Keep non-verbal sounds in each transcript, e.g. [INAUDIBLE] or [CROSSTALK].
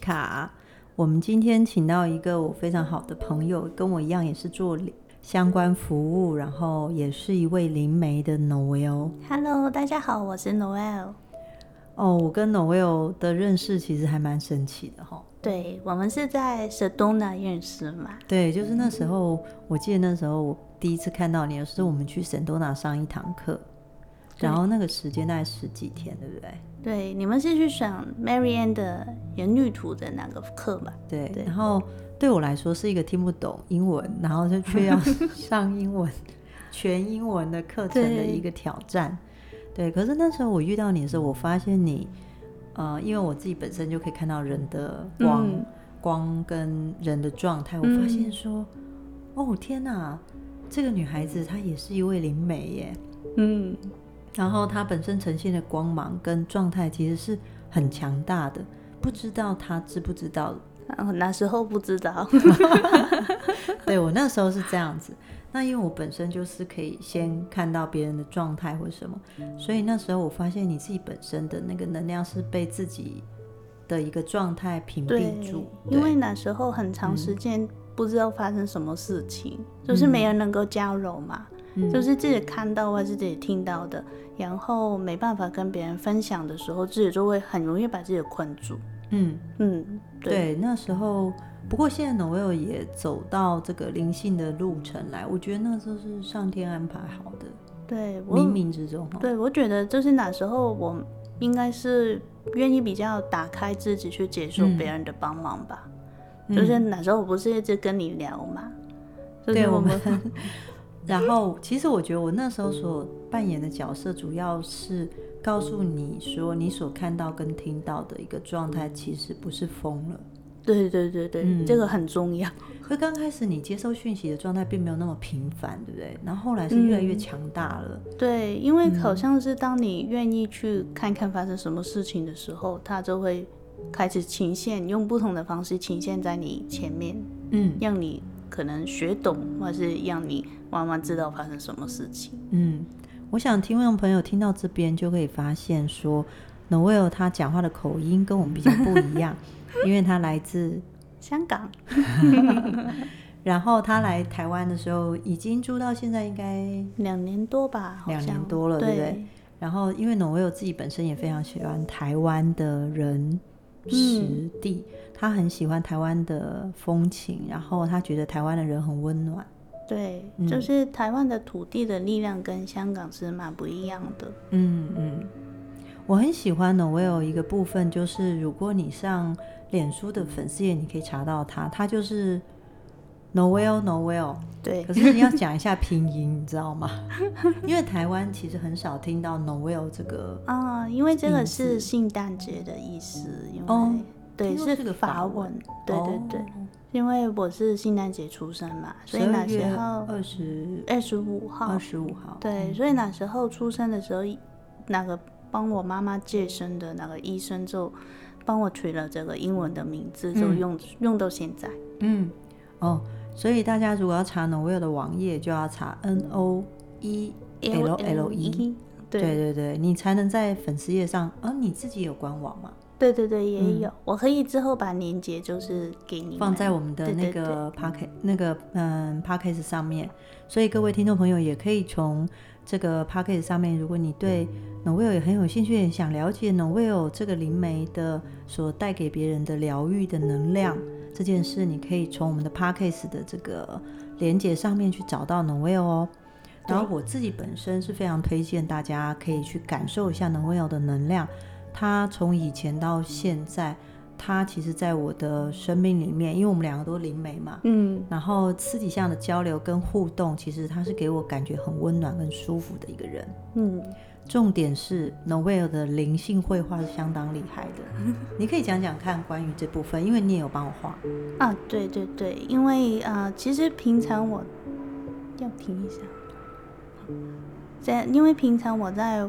卡，我們今天請到一個我非常好的朋友，跟我一樣也是做相關服務，嗯、然後也是一位靈媒的 Noelle。Hello，大家好，我是 Noelle。哦，oh, 我跟 Noelle 的認識其實還蠻神奇的哈、哦。對，我們是在 Sedona 認識嘛？對，就是那時候，嗯、我記得那時候我第一次看到你，的時候我們去 Sedona 上一堂課，對然後那個時間大概十幾天，對不對？對，你們是去上 Marianne 的言語圖的那個課吧？對，對然後對我來說是一個聽不懂英文，然後就卻要上英文、 [LAUGHS] 全英文的課程的一個挑戰。對，對，可是那時候我遇到你的時候，我發現你，呃，因為我自己本身就可以看到人的光、嗯、光跟人的狀態，我發現說，嗯、哦，天哪，這個女孩子她也是一位靈媒耶。嗯。然後他本身呈現的光芒跟狀態其實是很強大的，不知道他知不知道。那時候不知道， [LAUGHS] [LAUGHS] 對，我那時候是這樣子。那因為我本身就是可以先看到別人的狀態或什麼，所以那時候我發現你自己本身的那個能量是被自己的一個狀態屏蔽住。對對因為那時候很長時間不知道發生什麼事情，嗯、就是沒人能夠交流嘛。嗯嗯、就是自己看到或者自己聽到的，然後沒辦法跟別人分享的時候，自己就會很容易把自己困住。嗯嗯，嗯對，對。那時候，不過現在呢，我有也走到這個靈性的路程來，我覺得那時候是上天安排好的。對，冥冥之中、哦對。對，我覺得就是那時候我應該是願意比較打開自己去接受別人的幫忙吧。嗯、就是那時候我不是一直跟你聊嘛，就對我們。 [LAUGHS] 然後，其實我覺得我那時候所扮演的角色，主要是告訴你說，你所看到跟聽到的一個狀態，其實不是瘋了。對對對對，嗯、這個很重要。因剛開始你接受訊息的狀態並沒有那麼頻繁，對不對？然後後來是越來越強大了。嗯、對，因為好像是當你願意去看看發生什麼事情的時候，嗯、它就會開始呈現，用不同的方式呈現在你前面，嗯，讓你。可能學懂，或者是讓你慢慢知道發生什麼事情。嗯，我想聽眾朋友聽到這邊就可以發現說，說 [LAUGHS] Noelle 他講話的口音跟我們比較不一樣， [LAUGHS] 因為他來自香港。 [LAUGHS] [LAUGHS] 然後他來台灣的時候，已經住到現在應該兩年多吧，好像，兩年多了，對不對？對，然後因為 Noelle 自己本身也非常喜歡台灣的人、實地。嗯他很喜歡台灣的風情，然後他覺得台灣的人很溫暖。對，就是台灣的土地的力量跟香港是蠻不一樣的。嗯嗯，我很喜歡 Noelle 一個部分就是，如果你上臉書的粉絲頁，你可以查到他，他就是 Noelle Noelle。對，可是你要講一下拼音， [LAUGHS] 你知道嗎？因為台灣其實很少聽到 Noelle 這個啊、哦，因為這個是聖誕節的意思，因為。哦對，是法文。對對對，因為我是聖誕節出生嘛，所以那時候二十二十五號，二十五號。對，所以那時候出生的時候，那個幫我媽媽接生的那個醫生就幫我取了這個英文的名字，就用用到現在。嗯，哦，所以大家如果要查 Noelle 的網頁，就要查 N O E L L E。對對對，你才能在粉絲頁上。啊，你自己有官網嗎？對對對，也有，嗯、我可以之後把鏈接就是給你放在我們的那個 podcast 那個嗯 podcast 上面，所以各位聽眾朋友也可以從這個 podcast 上面，如果你對 Noelle 也很有興趣，對想了解 Noelle 這個靈媒的所帶給別人的療癒的能量、嗯、這件事，你可以從我們的 podcast 的這個鏈接上面去找到 Noelle 哦。對然後我自己本身是非常推薦大家可以去感受一下 Noelle 的能量。他從以前到現在，他其實，在我的生命裡面，因為我們兩個都是靈媒嘛，嗯，然後私底下的交流跟互動，其實他是給我感覺很溫暖、很舒服的一個人，嗯。重點是 n o e l e 的靈性繪畫是相當厲害的， [LAUGHS] 你可以講講看關於這部分，因為你也有幫我畫啊。對對對，因為啊、呃，其實平常我要聽一下，在因為平常我在。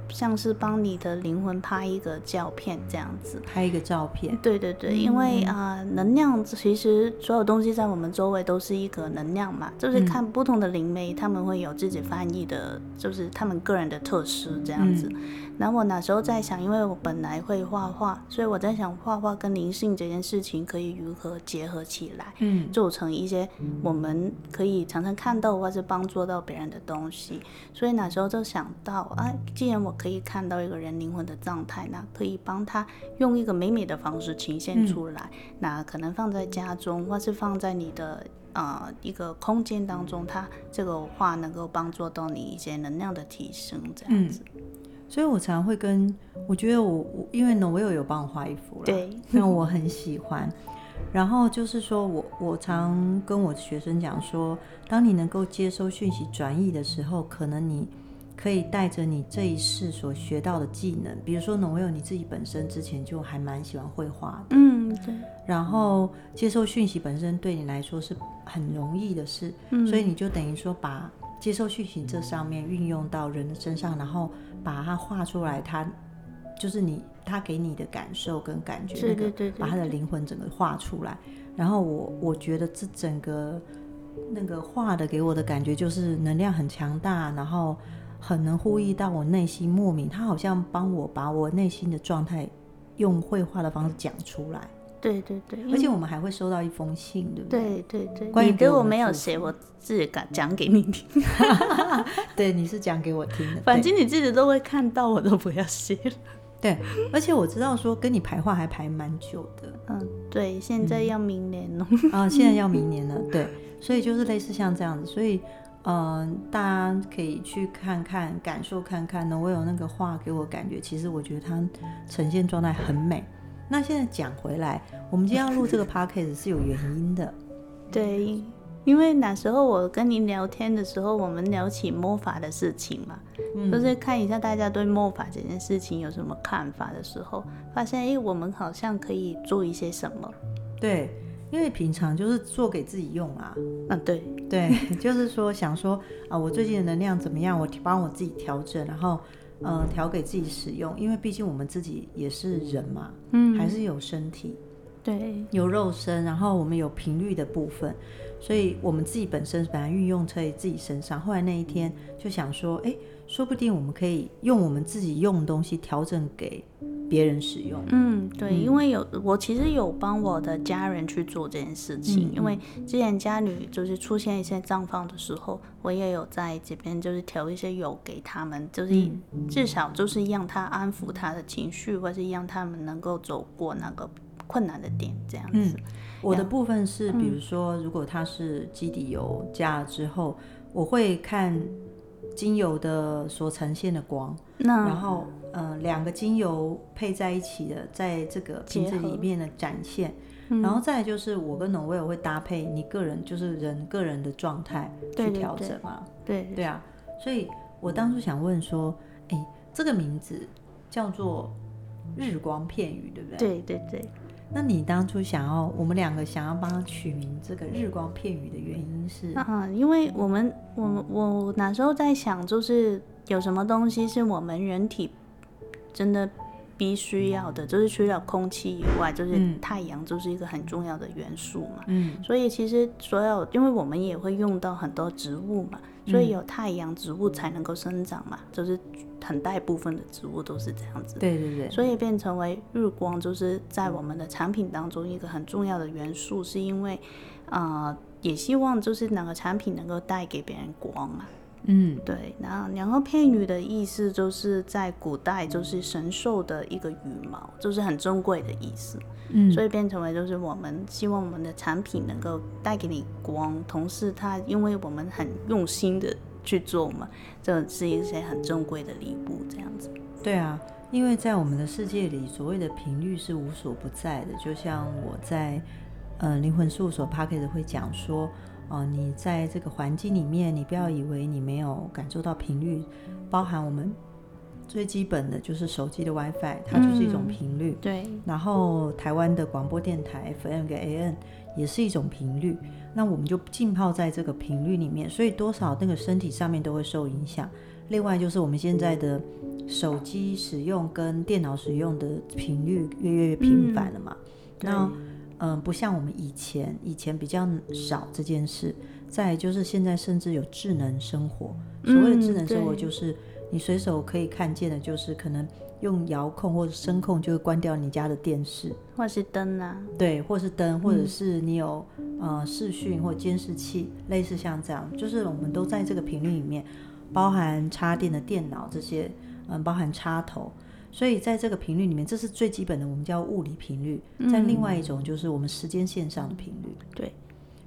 像是幫你的靈魂拍一個照片這樣子，拍一個照片，對對對，因為、嗯、啊，能量其實所有東西在我們周圍都是一個能量嘛，就是看不同的靈媒，嗯、他們會有自己翻譯的，就是他們個人的特色這樣子。那、嗯、我那時候在想，因為我本來會畫畫，所以我在想畫畫跟靈性這件事情可以如何結合起來，嗯，做成一些我們可以常常看到或是幫助到別人的東西。所以那時候就想到啊，既然我。可以看到一個人靈魂的狀態，那可以幫他用一個美美的方式呈現出來。嗯、那可能放在家中，或是放在你的啊、呃、一個空間當中，它這個畫能夠幫助到你一些能量的提升，這樣子。嗯、所以我常會跟我覺得我，因為 Noelle 我又有，有幫我畫一幅了，對，那我很喜歡。然後就是說我我常跟我學生講說，當你能夠接收訊息轉譯的時候，可能你。可以帶着你這一世所學到的技能，比如說，Noelle 你自己本身之前就還蠻喜歡繪畫的，嗯，對。然後接受訊息本身對你來說是很容易的事，嗯、所以你就等於說把接受訊息這上面運用到人的身上，然後把它畫出來，它就是你他給你的感受跟感覺，對對是、那個、對，對對把他的靈魂整個畫出來。然後我我覺得這整個那個畫的給我的感覺就是能量很強大，然後。很能呼應到我內心莫名，他好像幫我把我內心的狀態用繪畫的方式講出來。對對對，而且我們還會收到一封信，嗯、對不對？對對對，關於你給我沒有寫，我自己講給你聽。對，你是講給我聽的。反正你自己都會看到，我都不要寫。 [LAUGHS] 對，而且我知道說跟你排畫還排蠻久的。嗯，對，現在要明年了。 [LAUGHS] 啊，現在要明年了。對，所以就是類似像這樣子，所以。嗯、呃，大家可以去看看，感受看看呢。我有那個畫，給我感覺，其實我覺得它呈現狀態很美。那現在講回來，我們今天要錄這個 podcast 是有原因的。對，因為那時候我跟你聊天的時候，我們聊起魔法的事情嘛，嗯、就是看一下大家對魔法這件事情有什麼看法的時候，發現哎，我們好像可以做一些什麼。對。因為平常就是做給自己用啦、啊啊，對，對，就是說想說啊，我最近的能量怎麼樣？我幫我自己調整，然後，嗯、呃，調給自己使用。因為畢竟我們自己也是人嘛，嗯，還是有身體，對，有肉身，然後我們有頻率的部分。所以，我們自己本身本來運用在自己身上，後來那一天就想說，哎，說不定我們可以用我們自己用的東西調整給別人使用。嗯，對，因為有我其實有幫我的家人去做這件事情，嗯、因為之前家裡就是出現一些狀況的時候，我也有在這邊就是調一些油給他們，就是至少就是讓他安撫他的情緒，或是讓他們能夠走過那個。困難的點這樣子，嗯，我的部分是，比如說，如果它是基底油加了之後，嗯，我會看精油的所呈現的光，那然後，嗯、呃，兩個精油配在一起的，在這個瓶子裡面的展現，合然後再就是我跟 Noelle 我會搭配你個人，就是人個人的狀態去調整嘛，對對，對，對啊，所以我當初想問說，哎，這個名字叫做日光片語，對不對？對對對。那你當初想要我們兩個想要幫他取名這個日光片語的原因是，啊，因為我們我我那時候在想，就是有什麼東西是我們人體真的必須要的，就是除了空氣以外，就是太陽就是一個很重要的元素嘛。嗯，所以其實所有，因為我們也會用到很多植物嘛。所以有太陽，植物才能夠生長嘛，嗯、就是很大一部分的植物都是這樣子。對對對。所以變成為日光，就是在我們的產品當中一個很重要的元素，是因為，呃，也希望就是哪個產品能夠帶給別人光嘛。嗯，對，那然後配女的意思就是在古代就是神獸的一個羽毛，就是很珍貴的意思。嗯，所以變成為就是我們希望我們的產品能夠帶給你光，同時它因為我們很用心的去做嘛，這是一些很珍貴的禮物，這樣子。對啊，因為在我們的世界裡，所謂的頻率是無所不在的，就像我在呃靈魂事務所 p a r k e 會講說。哦，你在這個環境裡面，你不要以為你沒有感受到頻率，包含我們最基本的就是手機的 WiFi，它就是一種頻率。嗯、對。然後台灣的廣播電台 FM 跟 AM 也是一種頻率，那我們就浸泡在這個頻率裡面，所以多少那個身體上面都會受影響。另外就是我們現在的手機使用跟電腦使用的頻率越來越頻繁了嘛，那、嗯。嗯，不像我們以前，以前比較少這件事。再就是現在，甚至有智能生活。所謂的智能生活，就是你隨手可以看見的，就是可能用遙控或者聲控就會關掉你家的電視，或是燈啊。對，或是燈，或者是你有呃視訊或監視器，類似像這樣，就是我們都在這個頻率裡面，包含插電的電腦這些，嗯，包含插頭。所以在這個頻率裡面，這是最基本的，我們叫物理頻率。在、嗯、另外一種，就是我們時間線上的頻率。對，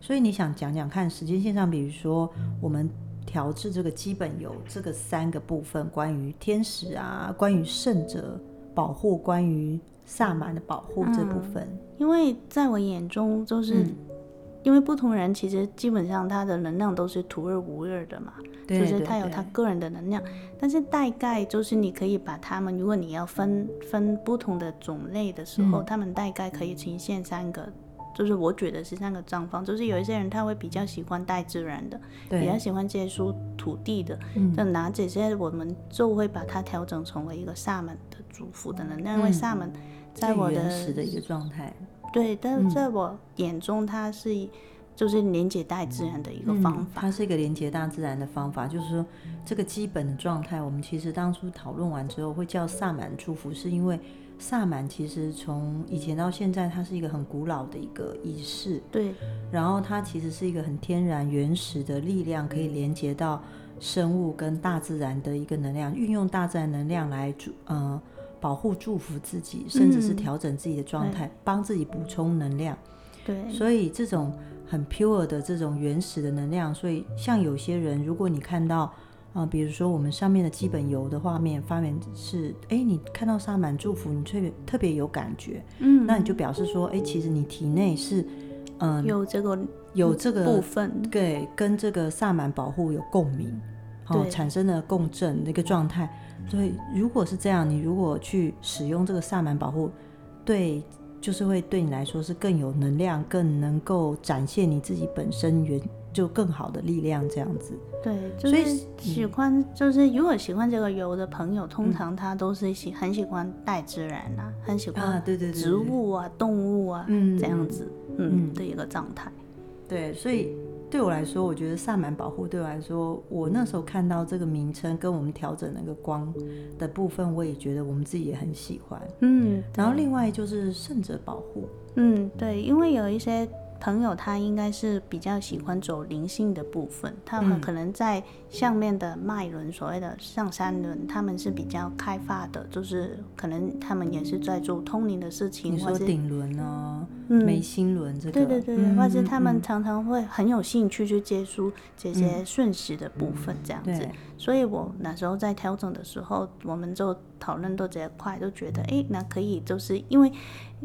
所以你想講講看時間線上，比如說我們調製這個基本有這個三個部分：關於天使啊，關於聖者保護，關於薩滿的保護這部分、嗯。因為在我眼中、嗯，就是。因為不同人其實基本上他的能量都是獨一無二的嘛，對對對，就是他有他個人的能量，但是大概就是你可以把他們，如果你要分分不同的種類的時候，嗯、他們大概可以呈現三個，就是我覺得是三個狀況，就是有一些人他會比較喜歡大自然的，對比較喜歡接觸土地的。那、嗯、拿這些我們就會把它調整成為一個薩滿的祝福的能量，因為薩滿在我的原始的一個狀態。對，但是在我眼中，它是、嗯、就是連接大自然的一個方法。嗯、它是一個連接大自然的方法，就是說這個基本狀態。我們其實當初討論完之後，會叫薩滿祝福，是因為薩滿其實從以前到現在，它是一個很古老的一個儀式。對，然後它其實是一個很天然原始的力量，可以連接到生物跟大自然的一個能量，運用大自然能量來祝呃。保護、祝福自己，甚至是調整自己的狀態，嗯、幫自己補充能量。對，所以這種很 pure 的這種原始的能量，所以像有些人，如果你看到啊、呃，比如說我們上面的基本油的畫面，發現是哎，你看到薩滿祝福，你特別特別有感覺，嗯，那你就表示說，哎，其實你體內是嗯有這個有這個部分，對，跟這個薩滿保護有共鳴，哦、對，產生了共振的一個狀態。對，如果是這樣，你如果去使用這個薩滿保護，對，就是會對你來說是更有能量，更能夠展現你自己本身原就，更好的力量，這樣子。對，就是、所以喜歡、嗯、就是如果喜歡這個油的朋友，通常他都是喜很喜歡大自然啊，嗯、很喜歡植、啊，對對、植物啊，動物啊，嗯、這樣子，嗯的一個狀態。對，所以。對我來說，我覺得薩滿保護對我來說，我那時候看到這個名稱跟我們調整那個光的部分，我也覺得我們自己也很喜歡。嗯，然後另外就是聖者保護。嗯，對，因為有一些。朋友他應該是比較喜歡走靈性的部分，他們可能在下面的脈輪，嗯、所謂的上三輪，他們是比較開發的，就是可能他們也是在做通靈的事情。喔、或者頂輪呢？眉、嗯、心輪這個？對對對，嗯、或者他們常常會很有興趣去接觸這些瞬時的部分，這樣子。嗯嗯、所以我那時候在調整的時候，我們就討論到這一塊，就覺得哎、欸，那可以就是因為。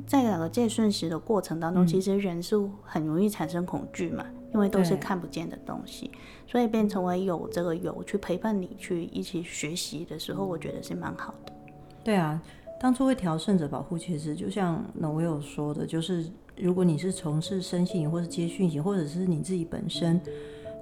在兩個界瞬時的過程當中，其實人是很容易產生恐懼嘛，嗯、因為都是看不見的東西，對所以變成為有這個有去陪伴你去一起學習的時候，嗯、我覺得是蠻好的。對啊，當初會調順者保護，其實就像那我有說的，就是如果你是從事身心或者是接訊型，或者是你自己本身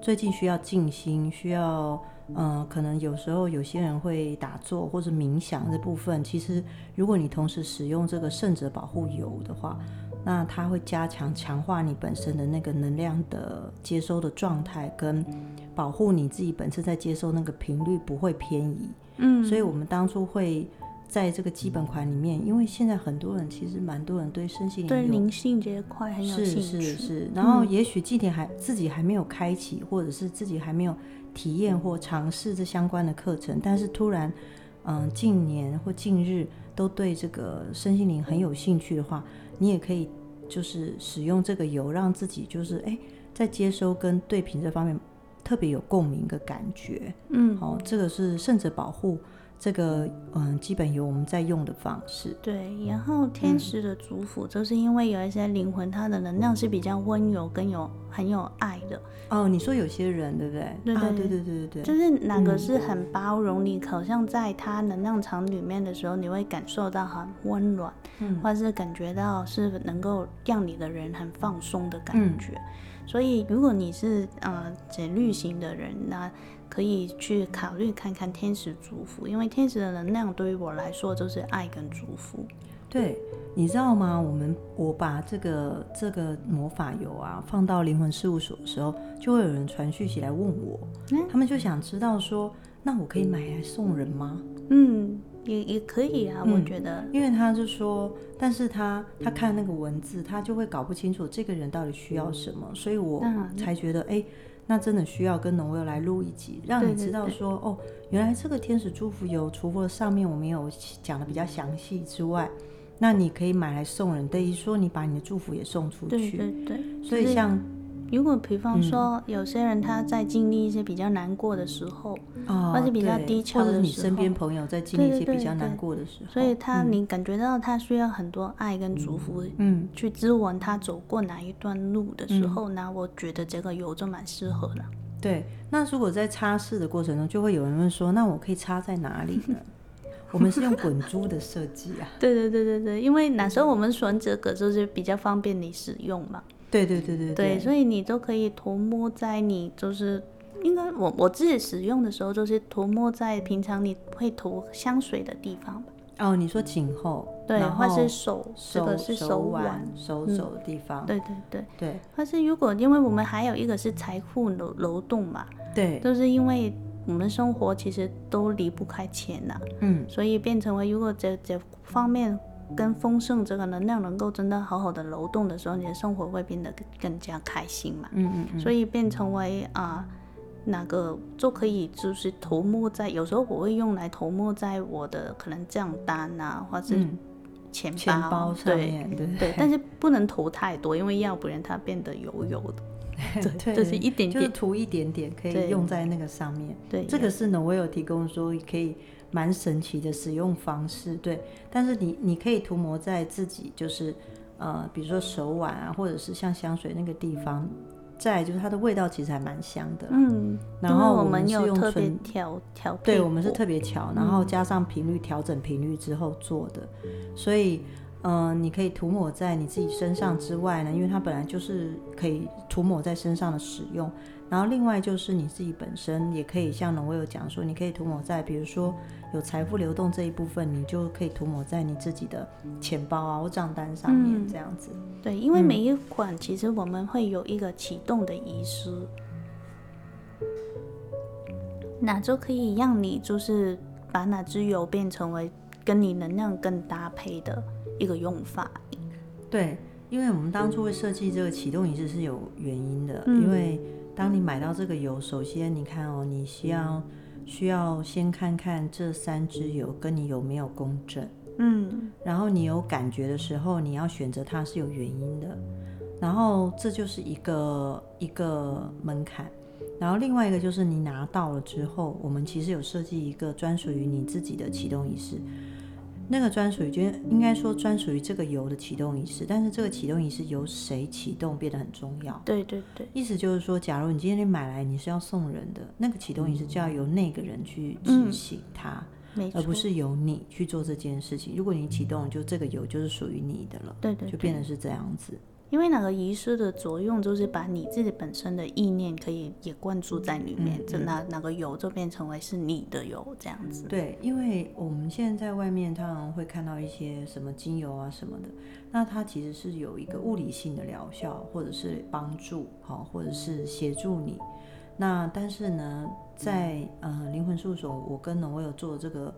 最近需要靜心，需要。嗯、呃，可能有時候有些人會打坐或者冥想這部分，其實如果你同時使用這個聖者保護油的話，那它會加強、強化你本身的那個能量的接收的狀態，跟保護你自己本身在接收那個頻率不會偏移。嗯，所以我們當初會在這個基本款裡面，因為現在很多人其實蠻多人對身心靈對靈性這塊很有興趣，是是是。然後也許祭典還自己還沒有開啟，或者是自己還沒有。體驗或嘗試這相關的課程，但是突然，嗯、呃，近年或近日都對這個身心靈很有興趣的話，你也可以就是使用這個油，讓自己就是誒，在接收跟對頻這方面特別有共鳴的感覺。嗯，好、哦，這個是聖者保護。這個嗯，基本有我們在用的方式。對，然後天使的祝福就是因為有一些靈魂，它的能量是比較溫柔、跟有很有愛的。哦，你說有些人，對不對？對對，啊、對對對對對對對就是哪個是很包容、嗯、你，好像在它能量場裡面的時候，你會感受到很溫暖，嗯、或是感覺到是能夠讓你的人很放鬆的感覺。嗯、所以，如果你是呃簡律型的人，那可以去考慮看看天使祝福，因為天使的能量對於我來說就是愛跟祝福。對，你知道嗎？我們我把這個這個魔法油啊放到靈魂事務所的時候，就會有人傳訊起來問我，嗯、他們就想知道說，那我可以買來送人嗎？嗯,嗯，也也可以啊，嗯、我覺得。因為他就說，但是他他看那個文字，嗯、他就會搞不清楚這個人到底需要什麼，嗯、所以我才覺得欸。嗯欸那真的需要跟 Noelle 來錄一集，讓你知道說對對對哦，原來這個天使祝福油，除了上面我們有講的比較詳細之外，那你可以買來送人，等於說你把你的祝福也送出去。對，對對，所以像。如果比方說，有些人他在經歷一些比較難過的時候，而、嗯哦、或者比較低潮的時候，或者你身邊朋友在經歷一些比較難過的時候，嗯哦、時候所以他、嗯、你感覺到他需要很多愛跟祝福，嗯，去支援他走過哪一段路的時候，嗯嗯、那我覺得這個油就蠻適合的。對，那如果在擦拭的過程中，就會有人問說，那我可以擦在哪裡呢？ [LAUGHS] 我們是用滾珠的設計啊。 [LAUGHS] 對對對對對，因為那時候我們選這個就是比較方便你使用嘛。對對對對對，對，所以你都可以塗抹在你就是，應該我我自己使用的時候，就是塗抹在平常你會塗香水的地方吧。哦，你說頸後，對，或後是手，手這個是手腕、手肘的地方。對、嗯、對對對，對但是如果因為我們還有一個是財富樓樓棟嘛，對，都是因為我們生活其實都離不開錢吶、啊，嗯，所以變成為如果這這方面。跟豐盛這個能量能夠真的好好的流動的時候，你的生活會變得更加開心嘛？嗯嗯，嗯所以變成為啊、呃，哪個就可以就是塗抹在，有時候我會用來塗抹在我的可能賬單啊，或者是錢包、嗯、錢包上面。對對對。但是不能塗太多，因為要不然它變得油油的。對，就是一點點，就是塗一點點可以用在那個上面。對，對這個是呢，我有提供說可以。蠻神奇的使用方式，對，但是你你可以塗抹在自己，就是呃，比如說手腕啊，或者是像香水那個地方，再就是它的味道其實還蠻香的、啊，嗯。然後我們是用唇我們特別調調，對我們是特別調，然後加上頻率、嗯、調整頻率之後做的，所以呃，你可以塗抹在你自己身上之外呢，因為它本來就是可以塗抹在身上的使用。然後另外就是你自己本身也可以像呢，我有講說，你可以塗抹在比如說有財富流動這一部分，你就可以塗抹在你自己的錢包啊或賬單上面、嗯、這樣子。對，因為每一款其實我們會有一個啟動的儀式，那就、嗯、可以讓你就是把那支油變成為跟你能量更搭配的一個用法。對，因為我們當初會設計這個啟動儀式是有原因的，嗯、因為。當你買到這個油，首先你看哦，你需要需要先看看這三支油跟你有沒有共振，嗯，然後你有感覺的時候，你要選擇它是有原因的，然後這就是一個一個門檻，然後另外一個就是你拿到了之後，我們其實有設計一個專屬於你自己的啟動儀式。那個專屬於，就應該說專屬於這個油的啟動儀式，但是這個啟動儀式由誰啟動變得很重要。對對對，意思就是說，假如你今天你買來你是要送人的，那個啟動儀式就要由那個人去執行它，嗯嗯、而不是由你去做這件事情。如果你啟動，就這個油就是屬於你的了。對對對，就變得是這樣子。因為那個儀式的作用，就是把你自己本身的意念可以也灌注在裡面，嗯嗯、就那那個油就變成為是你的油這樣子。對，因為我們現在在外面，常常會看到一些什麼精油啊什麼的，那它其實是有一個物理性的療效，或者是幫助，好，或者是協助你。那但是呢，在呃靈魂事務所，我跟 Noelle 有做這個。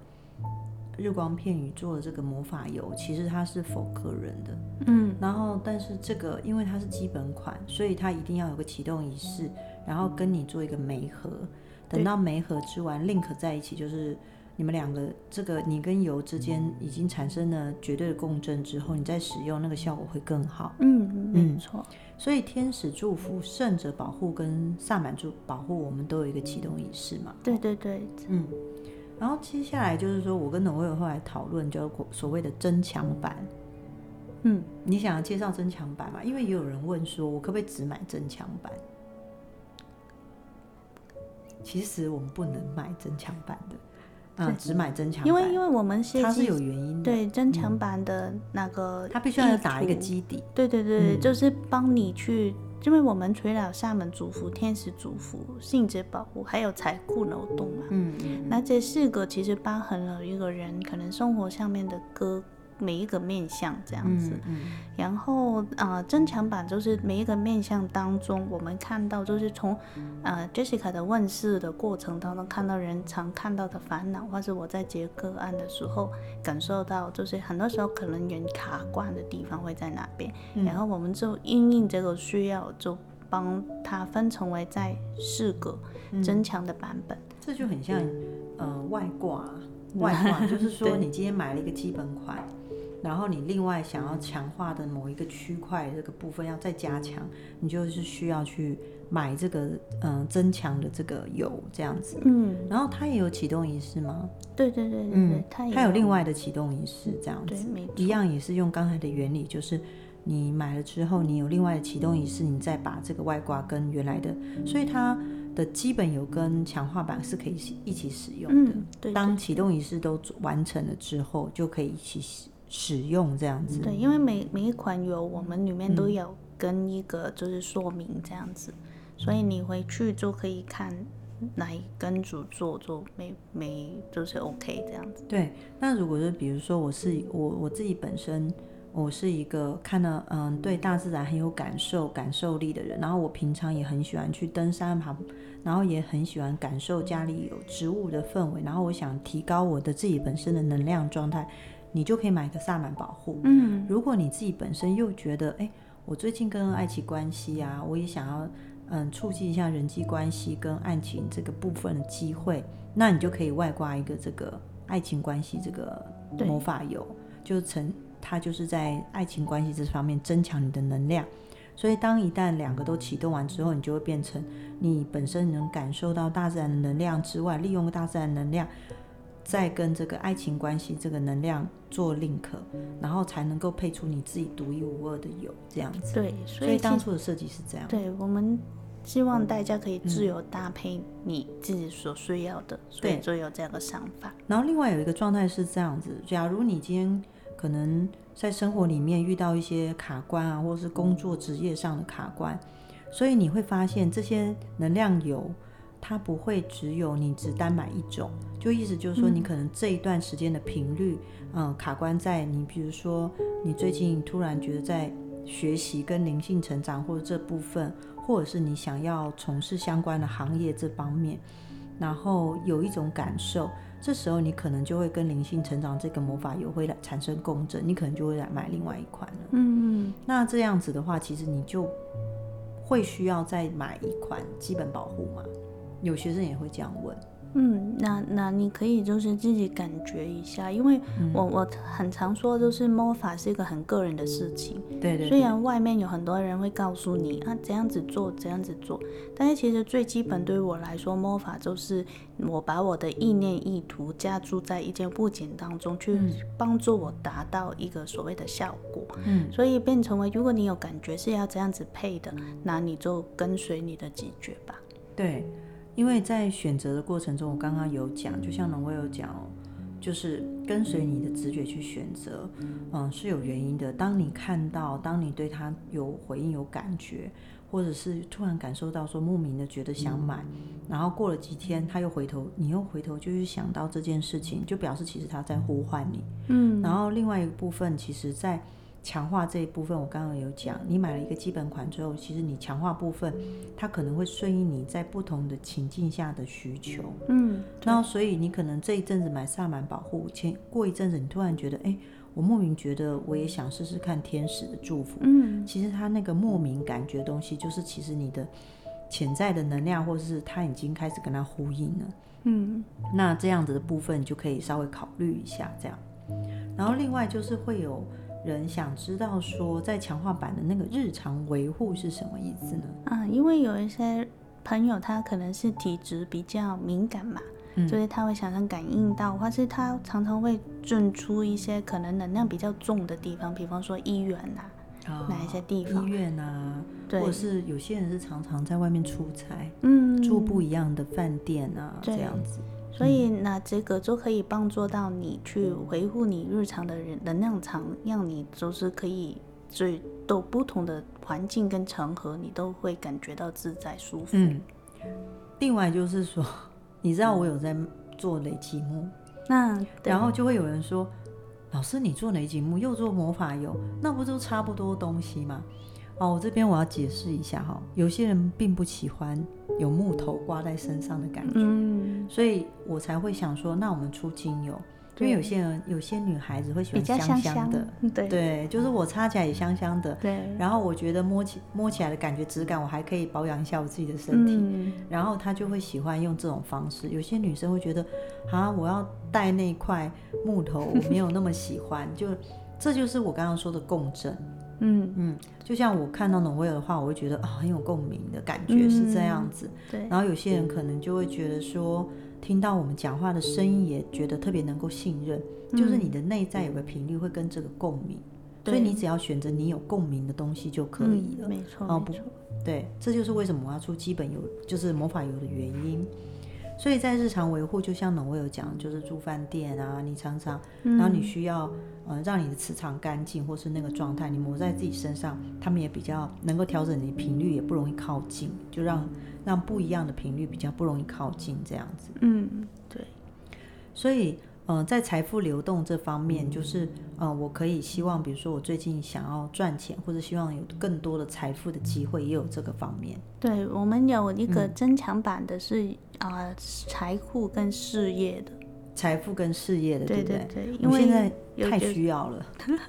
日光片語做的這個魔法油，其實它是非個人的，嗯，然後但是這個因為它是基本款，所以它一定要有個啟動儀式，然後跟你做一個媒合，等到媒合之完對，link 在一起，就是你們兩個這個你跟油之間已經產生了絕對的共振之後，你再使用那個效果會更好，嗯嗯，沒錯、嗯。嗯、所以天使祝福、聖者保護跟薩滿祝保護，我們都有一個啟動儀式嘛？對對對，對嗯。然後接下來就是說，我跟 Noelle 後來討論，就是所謂的增強版，嗯，你想要介紹增強版嘛？因為也有人問說，我可不可以只買增強版？其實我們不能買增強版的、嗯，啊，只買增強版，因為因為我們是它是有原因的，對增強版的那個、F 嗯，它必須要打一個基底，對對對，就是幫你去。就因為我們除了廈門主符、天使主符、性質保護，還有財庫流動嘛、啊。嗯，嗯，那這四個其實包含了一個人可能生活上面的各每一個面向這樣子，嗯，嗯，然後啊，呃、增強版就是每一個面向當中，我們看到就是從，嗯，呃 Jessica 的問世的過程當中看到人常看到的煩惱，或是我在接個案的時候感受到，就是很多時候可能人卡關的地方會在哪邊，嗯，然後我們就因應這個需要就幫他分成為在四個增強的版本，嗯，這就很像，對呃外掛外掛，就是說 [LAUGHS] 對你今天買了一個基本款。然後你另外想要強化的某一個區塊這個部分、嗯、要再加強，你就是需要去買這個嗯、呃、增強的這個油這樣子。嗯。然後它也有啟動儀式嗎？對對對，對，對嗯，它，也有它有另外的啟動儀式這樣子，對，沒錯。一樣也是用剛才的原理，就是你買了之後，你有另外的啟動儀式，嗯、你再把這個外掛跟原來的，嗯、所以它的基本油跟強化版是可以一起使用的。嗯、對對對，當啟動儀式都完成了之後，就可以一起使。使用這樣子，對，因為每每一款油我們裡面都有跟一個就是說明這樣子，嗯、所以你回去就可以看來跟主做做沒沒就是 OK 這樣子。對，那如果是比如說我是我我自己本身，我是一個看了嗯對大自然很有感受感受力的人，然後我平常也很喜歡去登山爬，然後也很喜歡感受家裡有植物的氛圍，然後我想提高我的自己本身的能量狀態。你就可以買個薩滿保護。嗯，如果你自己本身又覺得，哎、欸，我最近跟愛情關係啊，我也想要嗯促進一下人際關係跟愛情這個部分的機會，那你就可以外掛一個這個愛情關係這個魔法油，對就成它就是在愛情關係這方面增強你的能量。所以，當一旦兩個都啟動完之後，你就會變成你本身能感受到大自然的能量之外，利用大自然的能量，再跟這個愛情關係這個能量做 link，然後才能夠配出你自己獨一無二的油，這樣子。對，所以，所以當初的設計是這樣。對我們希望大家可以自由搭配你自己所需要的，嗯、所以就有這樣的想法、嗯。然後另外有一個狀態是這樣子，假如你今天可能在生活裡面遇到一些卡關啊，或者是工作職業上的卡關，嗯、所以你會發現這些能量油。它不會只有你只單買一種，就意思就是說，你可能這一段時間的頻率，嗯，嗯，卡關在你，比如說你最近突然覺得在學習跟靈性成長或者這部分，或者是你想要從事相關的行業這方面，然後有一種感受，這時候你可能就會跟靈性成長這個魔法油會來產生共振，你可能就會來買另外一款了。嗯，嗯，那這樣子的話，其實你就會需要再買一款基本保護嘛。有學生也會這樣問，嗯，那那你可以就是自己感覺一下，因為我、嗯、我很常說，就是魔法是一個很個人的事情，嗯、對，對對。雖然外面有很多人會告訴你、嗯、啊，這樣子做，這樣子做，但是其實最基本對於我來說，嗯、魔法就是我把我的意念意圖加注在一件物件當中，嗯、去幫助我達到一個所謂的效果，嗯。所以變成為，如果你有感覺是要這樣子配的，那你就跟隨你的直覺吧，對。因為在選擇的過程中，我剛剛有講，就像龍威有講、哦，嗯、就是跟隨你的直覺去選擇，嗯、嗯，是有原因的。當你看到，當你對他有回應、有感覺，或者是突然感受到說莫名的覺得想買，嗯、然後過了幾天他又回頭，你又回頭就去想到這件事情，就表示其實他在呼喚你，嗯。然後另外一個部分，其實，在強化這一部分，我剛剛有講，你買了一個基本款之後，其實你強化部分，它可能會順應你在不同的情境下的需求，嗯，然後所以你可能這一陣子買薩滿保護，前過一陣子你突然覺得，哎、欸，我莫名覺得我也想試試看天使的祝福，嗯，其實他那個莫名感覺的東西，就是其實你的潛在的能量，或者是他已經開始跟他呼應了，嗯，那這樣子的部分就可以稍微考慮一下這樣，然後另外就是會有。人想知道說，在強化版的那個日常維護是什麼意思呢？啊，因為有一些朋友他可能是體質比較敏感嘛，嗯、就是他會常常感應到，或是他常常會進出一些可能能量比較重的地方，比方說醫院啊，哦、哪一些地方？醫院啊，對或者是有些人是常常在外面出差，嗯，住不一樣的飯店啊，對這樣子。嗯、所以那這個就可以幫助到你去維護你日常的人、嗯、能量場，讓你就是可以最，所以到不同的環境跟場合，你都會感覺到自在舒服、嗯。另外就是說，你知道我有在做雷擊木，嗯、那然後就會有人說，老師你做雷擊木又做魔法油，那不就差不多東西嗎？哦，我這邊我要解釋一下哈，有些人並不喜歡有木頭掛在身上的感覺，嗯、所以我才會想說，那我們出精油，對因為有些人有些女孩子會喜歡香香的，香香對，對，就是我擦起來也香香的，對。然後我覺得摸起摸起來的感覺、質感，我還可以保養一下我自己的身體，嗯、然後她就會喜歡用這種方式。有些女生會覺得，啊，我要戴那塊木頭，我沒有那麼喜歡， [LAUGHS] 就這就是我剛剛說的共振。嗯嗯，就像我看到 Noelle 的話，我會覺得啊、哦、很有共鳴的感覺是這樣子。嗯、對，然後有些人可能就會覺得說，聽到我們講話的聲音也覺得特別能夠信任，嗯、就是你的內在有個頻率會跟這個共鳴，嗯、所以你只要選擇你有共鳴的東西就可以了。嗯、沒錯，不錯，對，這就是為什麼我要出基本油就是魔法油的原因。所以在日常維護，就像呢，我有講，就是住飯店啊，你常常，嗯、然後你需要呃讓你的磁場乾淨，或是那個狀態，你抹在自己身上，嗯、他們也比較能夠調整你的頻率，也不容易靠近，就讓讓不一樣的頻率比較不容易靠近這樣子。嗯，對，所以。嗯、呃，在財富流動這方面，就是，嗯、呃，我可以希望，比如說我最近想要賺錢，或者希望有更多的財富的機會，也有這個方面。對，我們有一個增強版的是，啊、嗯，財、呃、富跟事業的。財富跟事業的，對對對，因為現在太需要了。對對對，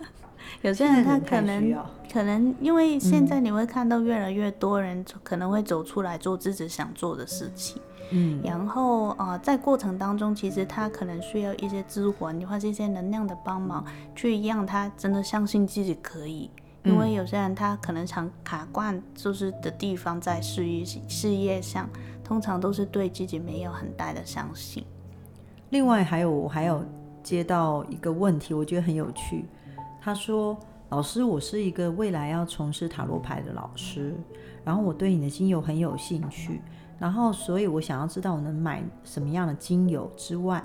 有些人他可能可能因為現在你會看到越來越多人可能會走出來做自己想做的事情。嗯。嗯、然後啊、呃，在過程當中，其實他可能需要一些支援或這一些能量的幫忙，去讓他真的相信自己可以。嗯、因為有些人他可能常卡關，就是的地方在事業事業上，通常都是對自己沒有很大的相信。另外還有我還有接到一個問題，我覺得很有趣。他說：“老師，我是一個未來要從事塔羅牌的老師，嗯、然後我對你的精油很有興趣。嗯”然後，所以我想要知道我能買什麼樣的精油之外，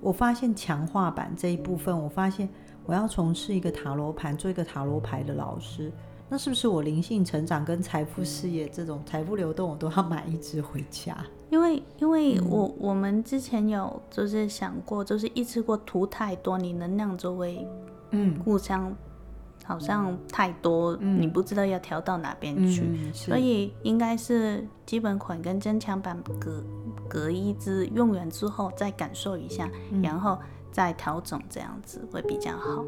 我發現強化版這一部分，我發現我要從事一個塔羅盤，做一個塔羅牌的老師，那是不是我靈性成長跟財富事業這種財富流動，我都要買一支回家？因為，因為我我們之前有就是想過，就是一次過塗太多，你能量周圍，嗯，互相。好像太多，嗯、你不知道要調到哪邊去，嗯嗯、所以應該是基本款跟增強版隔隔一支用完之後再感受一下，嗯、然後再調整這樣子會比較好。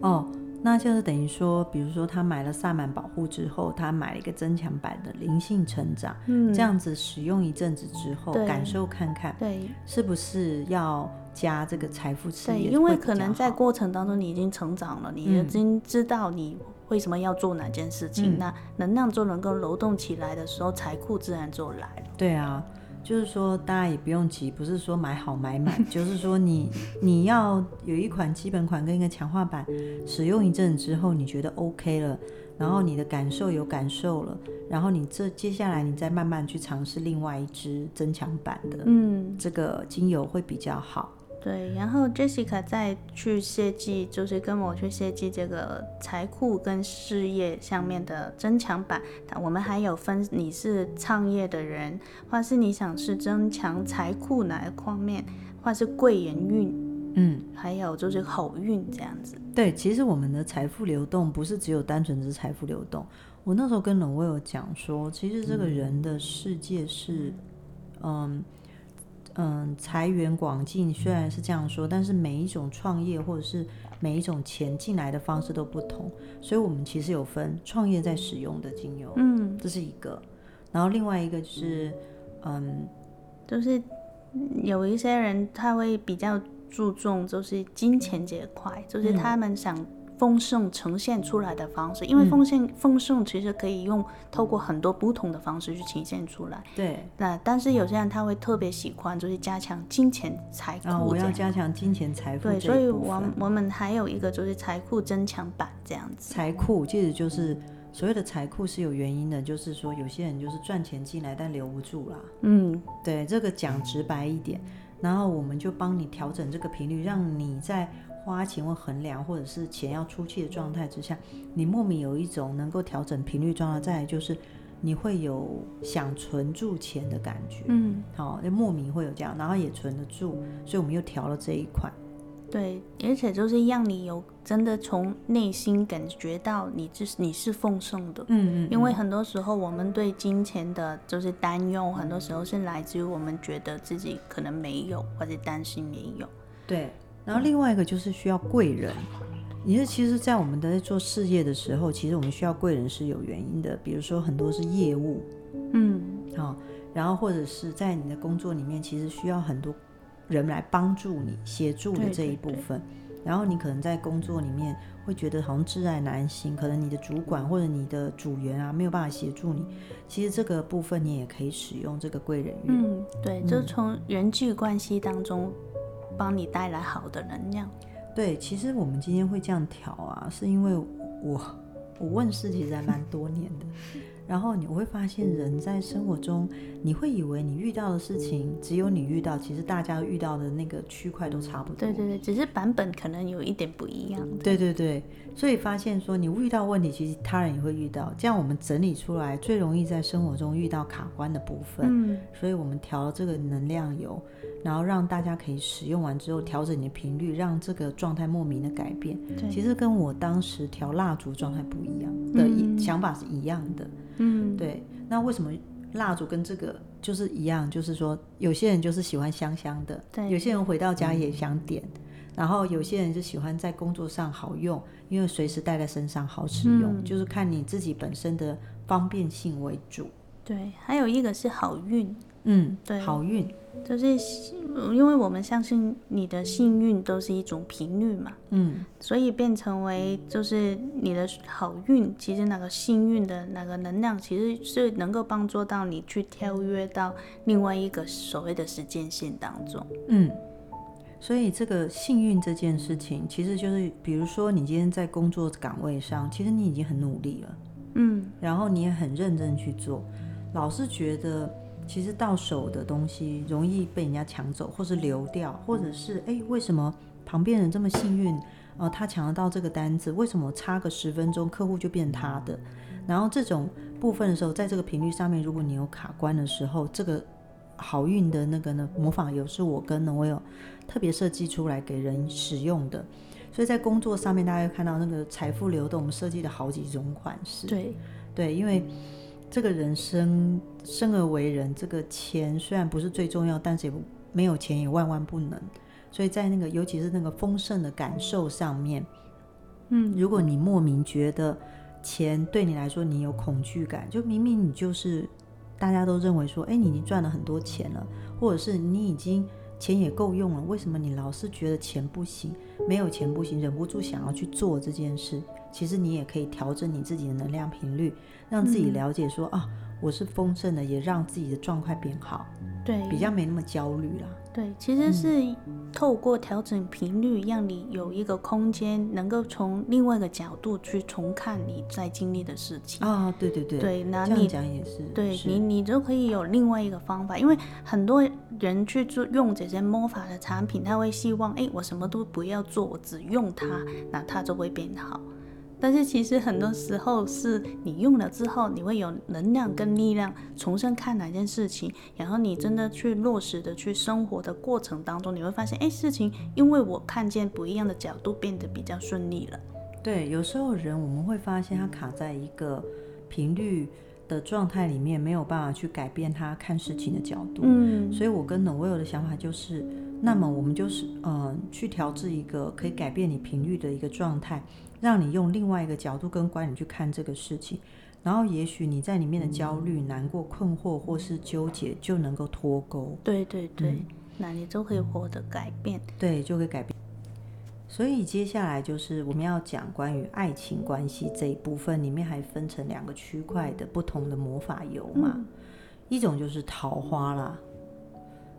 哦，那就是等於說，比如說他買了薩滿保護之後，他買了一個增強版的靈性成長，嗯、這樣子使用一陣子之後對感受看看，對，是不是要？加這個財富池對，因為可能在過程當中你已經成長了，嗯、你已經知道你為什麼要做哪件事情，嗯、那能量就能夠流動起來的時候，財庫自然就來了。對啊，就是說大家也不用急，不是說買好買滿， [LAUGHS] 就是說你你要有一款基本款跟一個強化版，使用一陣之後你覺得 OK 了，然後你的感受有感受了，然後你這接下來你再慢慢去嘗試另外一支增強版的，嗯，這個精油會比較好。對，然後 Jessica 再去設計，就是跟我去設計這個財庫跟事業上面的增強版。我們還有分，你是創業的人，或是你想是增強財庫哪一方面，或是貴人運，嗯，還有就是好運這樣子，嗯。對，其實我們的財富流動不是只有單純的是財富流動。我那時候跟龍威有講說，其實這個人的世界是，嗯。嗯嗯，財源廣進雖然是這樣說，但是每一種創業或者是每一種錢進來的方式都不同，所以我們其實有分創業在使用的精油，嗯，這是一個，然後另外一個就是，嗯，就是有一些人他會比較注重就是金錢這一塊，就是他們想。豐盛呈現出來的方式，因為豐盛，嗯、豐盛其實可以用透過很多不同的方式去呈現出來。嗯、對，那但是有些人他會特別喜歡，就是加強金錢財富、哦。我要加強金錢財富。對，所以我我們還有一個就是財庫增強版這樣子。財庫其實就是所謂的財庫是有原因的，就是說有些人就是賺錢進來但留不住啦。嗯，對，這個講直白一點，然後我們就幫你調整這個頻率，讓你在花錢或衡量，或者是錢要出去的狀態之下，你莫名有一種能夠調整頻率狀態。再來就是，你會有想存住錢的感覺，嗯，好，就莫名會有這樣，然後也存得住。所以我們又調了這一款，對，而且就是讓你有真的從內心感覺到你這是你是豐盛的，嗯，嗯嗯。因為很多時候我們對金錢的就是擔憂，很多時候是來自於我們覺得自己可能沒有，或者擔心沒有，對。然後另外一個就是需要貴人，你是其實，在我們的在做事業的時候，其實我們需要貴人是有原因的。比如說很多是業務，嗯，好，然後或者是在你的工作裡面，其實需要很多人來幫助你、協助的這一部分。對對對，然後你可能在工作裡面會覺得好像窒礙難行，可能你的主管或者你的組員啊沒有辦法協助你。其實這個部分你也可以使用這個貴人運。嗯，對，就從人際關係當中。嗯幫你帶來好的能量。對，其實我們今天會這樣調啊，是因為我我問事其實還蠻多年的。 [LAUGHS] 然後你我會發現人在生活中，嗯、你會以為你遇到的事情只有你遇到，其實大家遇到的那個區塊都差不多。對對對，只是版本可能有一點不一樣。對對對，所以發現說你遇到問題，其實他人也會遇到。這樣我們整理出來最容易在生活中遇到卡關的部分。嗯。所以我們調這個能量油。然後讓大家可以使用完之後調整你的頻率，讓這個狀態莫名的改變。對，其實跟我當時調蠟燭狀態不一樣的、嗯、一想法是一樣的。嗯，對。那為什麼蠟燭跟這個就是一樣？就是說，有些人就是喜歡香香的，對；有些人回到家也想點，嗯、然後有些人就喜歡在工作上好用，因為隨時帶在身上好使用，嗯、就是看你自己本身的方便性為主。對，還有一個是好運。嗯，對，好運就是因為我們相信你的幸運都是一種頻率嘛，嗯，所以變成為就是你的好運，嗯，其實那個幸運的那個能量其實是能夠幫助到你去跳躍到另外一個所謂的時間線當中。嗯，所以這個幸運這件事情，其實就是比如說你今天在工作崗位上，其實你已經很努力了，嗯，然後你也很認真去做，老是覺得。其實到手的東西容易被人家搶走，或是流掉，或者是誒。為什麼旁邊人這麼幸運？哦、呃，他搶得到這個單子，為什麼差個十分鐘客戶就變他的？然後這種部分的時候，在這個頻率上面，如果你有卡關的時候，這個好運的那個呢，魔法油是我跟 Noelle，我有特別設計出來給人使用的。所以在工作上面，大家會看到那個財富流動，我們設計的好幾種款式。對對，因為。這個人生生而為人，這個錢雖然不是最重要，但是也沒有錢也萬萬不能。所以在那個，尤其是那個豐盛的感受上面，嗯，如果你莫名覺得錢對你來說你有恐懼感，就明明你就是大家都認為說，哎，你已經賺了很多錢了，或者是你已經錢也夠用了，為什麼你老是覺得錢不行，沒有錢不行，忍不住想要去做這件事？其實你也可以調整你自己的能量頻率，讓自己了解說、嗯、啊，我是豐盛的，也讓自己的狀態變好，對，比較沒那麼焦慮啦。對，其實是透過調整頻率，嗯，讓你有一個空間，能夠從另外一個角度去重看你在經歷的事情啊。對對對，對，那你講也是，對，是你，你就可以有另外一個方法，因為很多人去做用這些魔法的產品，他會希望哎，我什麼都不要做，我只用它，那它就會變好。但是其實很多時候是你用了之後，你會有能量跟力量重新看哪件事情，然後你真的去落實的去生活的過程當中，你會發現，欸，事情因為我看見不一樣的角度，變得比較順利了。對，有時候人我們會發現他卡在一個頻率。的狀態裡面沒有辦法去改變他看事情的角度，嗯，所以我跟諾威爾的想法就是，那麼我們就是，嗯、呃，去調製一個可以改變你頻率的一個狀態，讓你用另外一個角度跟觀點去看這個事情，然後也許你在裡面的焦慮、嗯、難過、困惑或是糾結就能夠脫鈎，對對對，嗯、那你都可以獲得改變，對，就會改變。所以接下來就是我們要講關於愛情關係這一部分，裡面還分成兩個區塊的不同的魔法油嘛。一種就是桃花啦，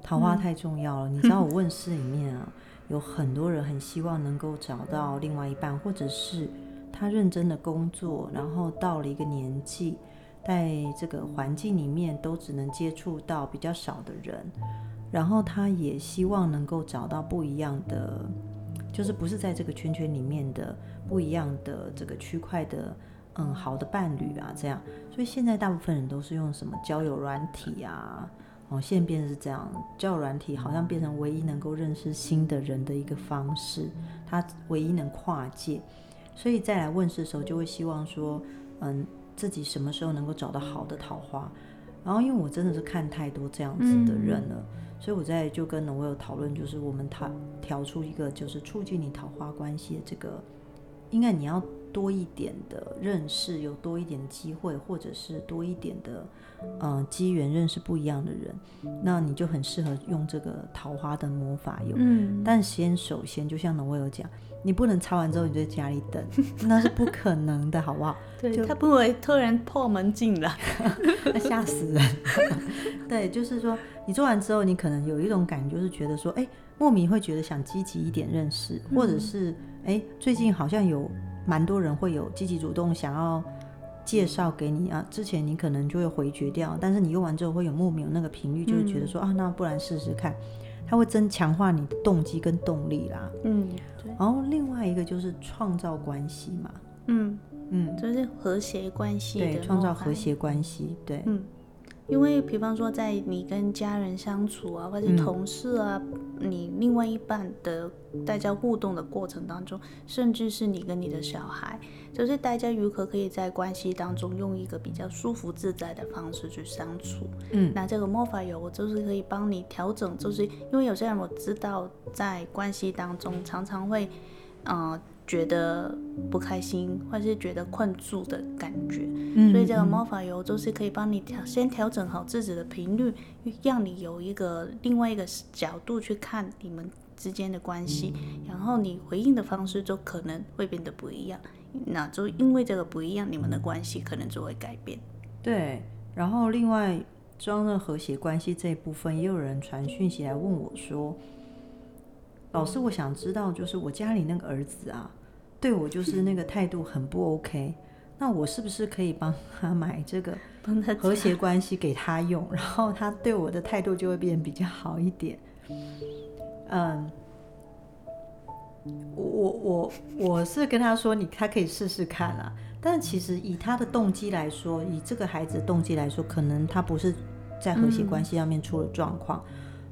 桃花太重要了。你知道我問事裡面啊，有很多人很希望能夠找到另外一半，或者是他認真的工作，然後到了一個年紀，在這個環境裡面都只能接觸到比較少的人，然後他也希望能夠找到不一樣的。就是不是在這個圈圈裡面的不一樣的這個區塊的嗯，好的伴侶啊，這樣，所以現在大部分人都是用什麼交友軟體啊哦，現在變成是這樣，交友軟體好像變成唯一能夠認識新的人的一個方式，它唯一能跨界，所以再來問事的時候，就會希望說，嗯，自己什麼時候能夠找到好的桃花。然後因為我真的是看太多這樣子的人了。嗯所以我在就跟 Noelle 討論，就是我們調調出一個，就是促進你桃花關係的這個，應該你要多一點的認識，有多一點的機會，或者是多一點的，嗯、呃，機緣認識不一樣的人，那你就很適合用這個桃花的魔法用。嗯，但先首先，就像 Noelle 講。你不能抄完之後你就在家裡等，那是不可能的，好不好？ [LAUGHS] 對就他不會突然破門進來，那 [LAUGHS] [LAUGHS] 嚇死人了。 [LAUGHS] 對，就是說你做完之後，你可能有一種感覺，就是覺得說，誒，莫名會覺得想積極一點認識，嗯、哼或者是誒，最近好像有蠻多人會有積極主動想要介紹給你啊。之前你可能就會回絕掉，但是你用完之後會有莫名的那個頻率，就是覺得說啊，那不然試試看。它會增強化你的動機跟動力啦，嗯，然後另外一個就是創造關係嘛，嗯嗯，嗯，就是和諧關係，嗯，對，創造和諧關係，嗯，對，因為，比方說，在你跟家人相處啊，或者是同事啊，嗯、你另外一半的大家互動的過程當中，甚至是你跟你的小孩，嗯、就是大家如何可以在關係當中用一個比較舒服自在的方式去相處。嗯，那這個魔法油，我就是可以幫你調整，就是因為有些人我知道，在關係當中常常會，嗯、呃。覺得不開心，或是覺得困住的感覺，嗯、所以這個魔法油就是可以幫你調，先調整好自己的頻率，讓你有一個另外一個角度去看你們之間的關係，嗯、然後你回應的方式就可能會變得不一樣。那就因為這個不一樣，你們的關係可能就會改變。對，然後另外裝了和諧關係這一部分，也有人傳訊息來問我說：“老師，我想知道，就是我家裡那個兒子啊。”對，我就是那個態度很不 OK，那我是不是可以幫他買這個，和諧關係給他用，然後他對我的態度就會變得比較好一點？嗯，我我我我是跟他說，你他可以試試看啦，啊。但其實以他的動機來說，以這個孩子的動機來說，可能他不是在和諧關係上面出了狀況。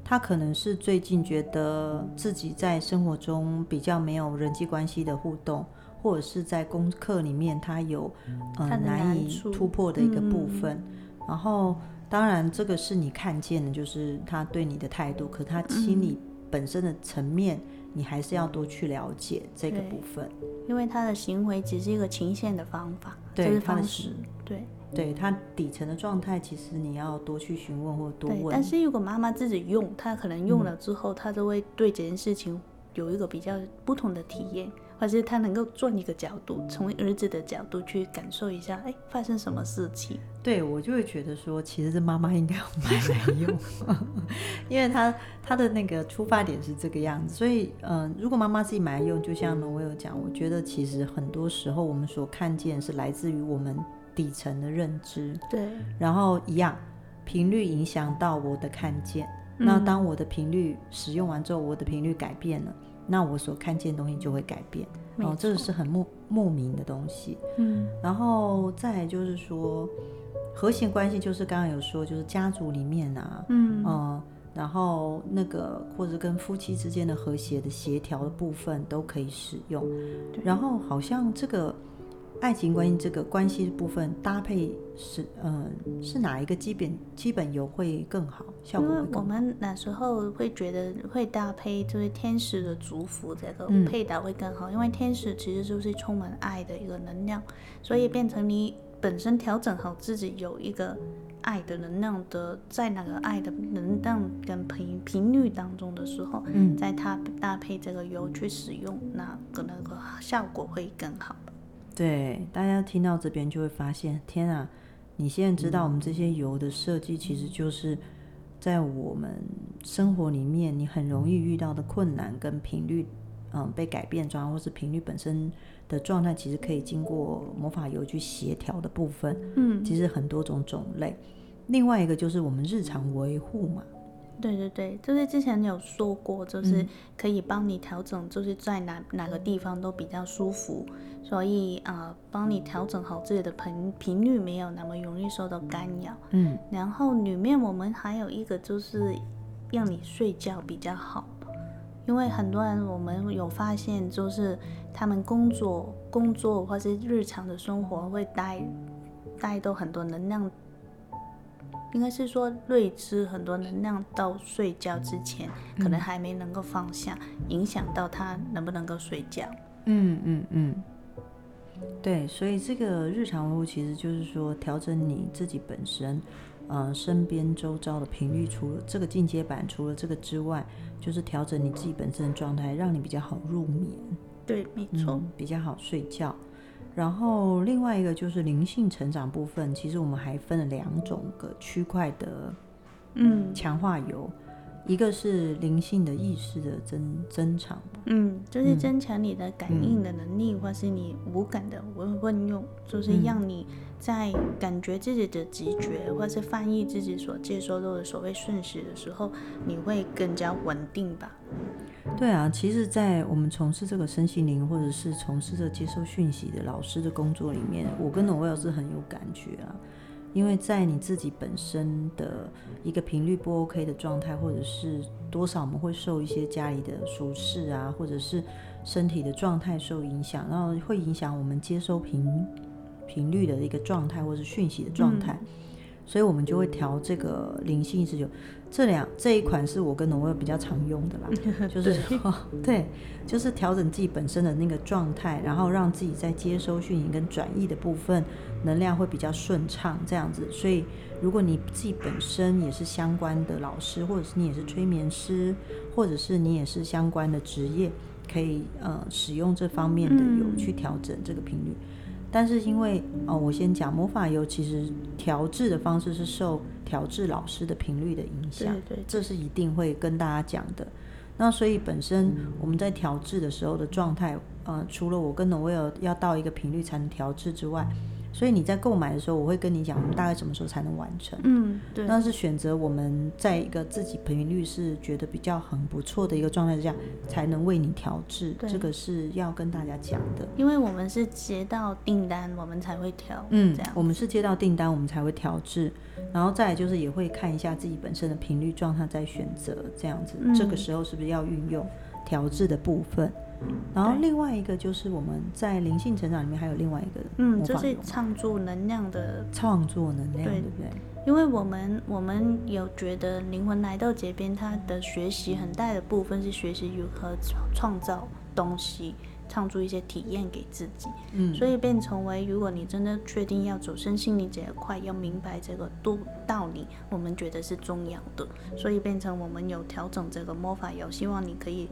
他可能是最近覺得自己在生活中比較沒有人際關係的互動，或者是在功課裡面他有嗯、呃、難，難以突破的一個部分。嗯、然後，當然這個是你看見的，就是他對你的態度，可他心理本身的層面，嗯、你還是要多去了解這個部分。因為他的行為只是一個呈現的方法，對他的方式，對。對，他底層的狀態，其實你要多去詢問或多問。但是如果媽媽自己用，她可能用了之後，嗯、她就會對這件事情有一個比較不同的體驗，或是她能夠轉一個角度，從兒子的角度去感受一下，哎，發生什麼事情？對，我就會覺得說，其實是媽媽應該買來用， [LAUGHS] [LAUGHS] 因為她她的那個出發點是這個樣子。所以，嗯、呃，如果媽媽自己買來用，就像呢我有講，我覺得其實很多時候我們所看見是來自於我們。底層的認知，對，然後一樣，頻率影響到我的看見。嗯、那當我的頻率使用完之後，我的頻率改變了，那我所看見的東西就會改變。錯哦，這個是很莫莫名的東西。嗯，然後再就是說，和諧關係就是剛剛有說，就是家族裡面啊，嗯，嗯然後那個或者跟夫妻之間的和諧的協調的部分都可以使用。對然後好像這個。愛情關係這個關係部分搭配是，呃是哪一個基本基本油會更好效果會更好？因為我們那時候會覺得會搭配就是天使的祝福這個配搭會更好，嗯、因為天使其實就是充滿愛的一個能量，所以變成你本身調整好自己有一個愛的能量的，在那個愛的能量跟頻頻率當中的時候，嗯、在它搭配這個油去使用，那可能個效果會更好。對，大家聽到這邊就會發現，天啊！你現在知道我們這些油的設計，其實就是在我們生活裡面，你很容易遇到的困難跟頻率，嗯，被改變，或或是頻率本身的狀態，其實可以經過魔法油去協調的部分。嗯，其實很多種種類。另外一個就是我們日常維護嘛。對對對，就是之前你有說過，就是可以幫你調整，就是在哪、嗯、哪個地方都比較舒服。所以啊、呃，幫你調整好自己的頻頻率，沒有那麼容易受到干擾。嗯，然後裡面我們還有一個就是讓你睡覺比較好，因為很多人我們有發現，就是他們工作、工作或是日常的生活會帶帶到很多能量，應該是說累積很多能量到睡覺之前，可能還沒能夠放下，嗯、影響到他能不能夠睡覺。嗯嗯嗯。嗯嗯對，所以這個日常屋其實就是說調整你自己本身，呃，身邊周遭的頻率。除了這個進階版，除了這個之外，就是調整你自己本身的狀態，讓你比較好入眠。對，沒錯。嗯，比較好睡覺。然後另外一個就是靈性成長部分，其實我們還分了兩種個區塊的，嗯，嗯強化油。一個是靈性的意識的增、嗯、增長，嗯，就是增強你的感應的能力，嗯、或是你無感的溫溫、嗯、用，就是讓你在感覺自己的直覺，嗯、或是翻譯自己所接收到的所謂訊息的時候，你會更加穩定吧？對啊，其實，在我們從事這個身心靈，或者是從事着接受訊息的老師的工作裡面，我跟 Noelle 老師很有感覺啊。因為在你自己本身的一個頻率不 OK 的狀態，或者是多少我們會受一些家裡的俗事啊，或者是身體的狀態受影響，然後會影響我們接收頻頻率的一個狀態，或者是訊息的狀態，嗯、所以我們就會調這個靈性是有。這兩這一款是我跟 Noelle 比較常用的啦，就是對、哦、對，就是調整自己本身的那個狀態，然後讓自己在接收訊息跟轉譯的部分能量會比較順暢，這樣子。所以如果你自己本身也是相關的老師，或者是你也是催眠師，或者是你也是相關的職業，可以呃使用這方面的油去調整這個頻率。嗯但是因為哦，我先講魔法油，其實調製的方式是受調製老師的頻率的影響，對，對，對，這是一定會跟大家講的。那所以本身我們在調製的時候的狀態，呃，除了我跟 Noelle 要到一個頻率才能調製之外。所以你在購買的時候，我會跟你講我們大概什麼時候才能完成。嗯，對，但是選擇我們在一個自己頻率是覺得比較很不錯的一個狀態之下，才能為你調製。對。這個是要跟大家講的。因為我們是接到訂單，我們才會調。嗯，這樣。我們是接到訂單，我們才會調製，嗯、然後再來就是也會看一下自己本身的頻率狀態，在選擇這樣子，嗯、這個時候是不是要運用。調製的部分，然後另外一個就是我們在靈性成長裡面還有另外一個，嗯，這是創作能量的創作能量，對，對不對？因為我們我們有覺得靈魂來到這邊，它的學習很大的部分是學習如何創造東西。唱出一些體驗給自己，嗯，所以變成為，如果你真的確定要走身心靈這一塊，要明白這個道理，我們覺得是重要的，所以變成我們有調整這個魔法油，希望你可以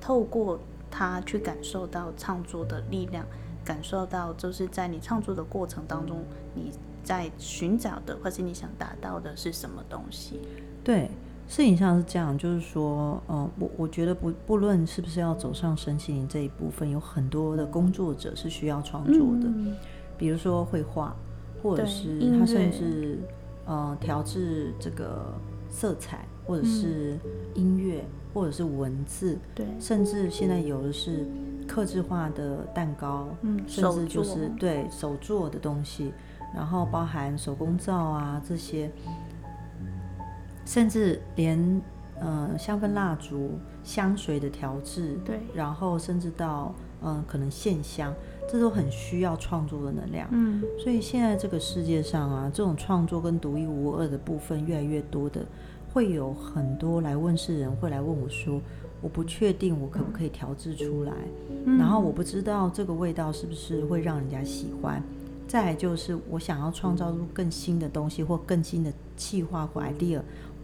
透過它去感受到唱作的力量，感受到就是在你唱作的過程當中，你在尋找的或是你想達到的是什麼東西，對。攝影上是這樣，就是說，呃，我我覺得不不論是不是要走上身心靈這一部分，有很多的工作者是需要創作的，嗯、比如說繪畫，或者是他甚至呃調製這個色彩，或者是音樂，嗯、或者是文字，對，甚至現在有的是客製化的蛋糕，嗯，甚至就是對手作的東西，然後包含手工皂啊這些。甚至連，呃，香氛蠟燭、香水的調製，對，然後甚至到嗯、呃，可能線香，這都很需要創作的能量。嗯，所以現在這個世界上啊，這種創作跟獨一無二的部分越來越多的，會有很多來問事人會來問我說，說我不確定我可不可以調製出來，嗯、然後我不知道這個味道是不是會讓人家喜歡。再來就是我想要創造出更新的東西、嗯、或更新的企劃或。來。第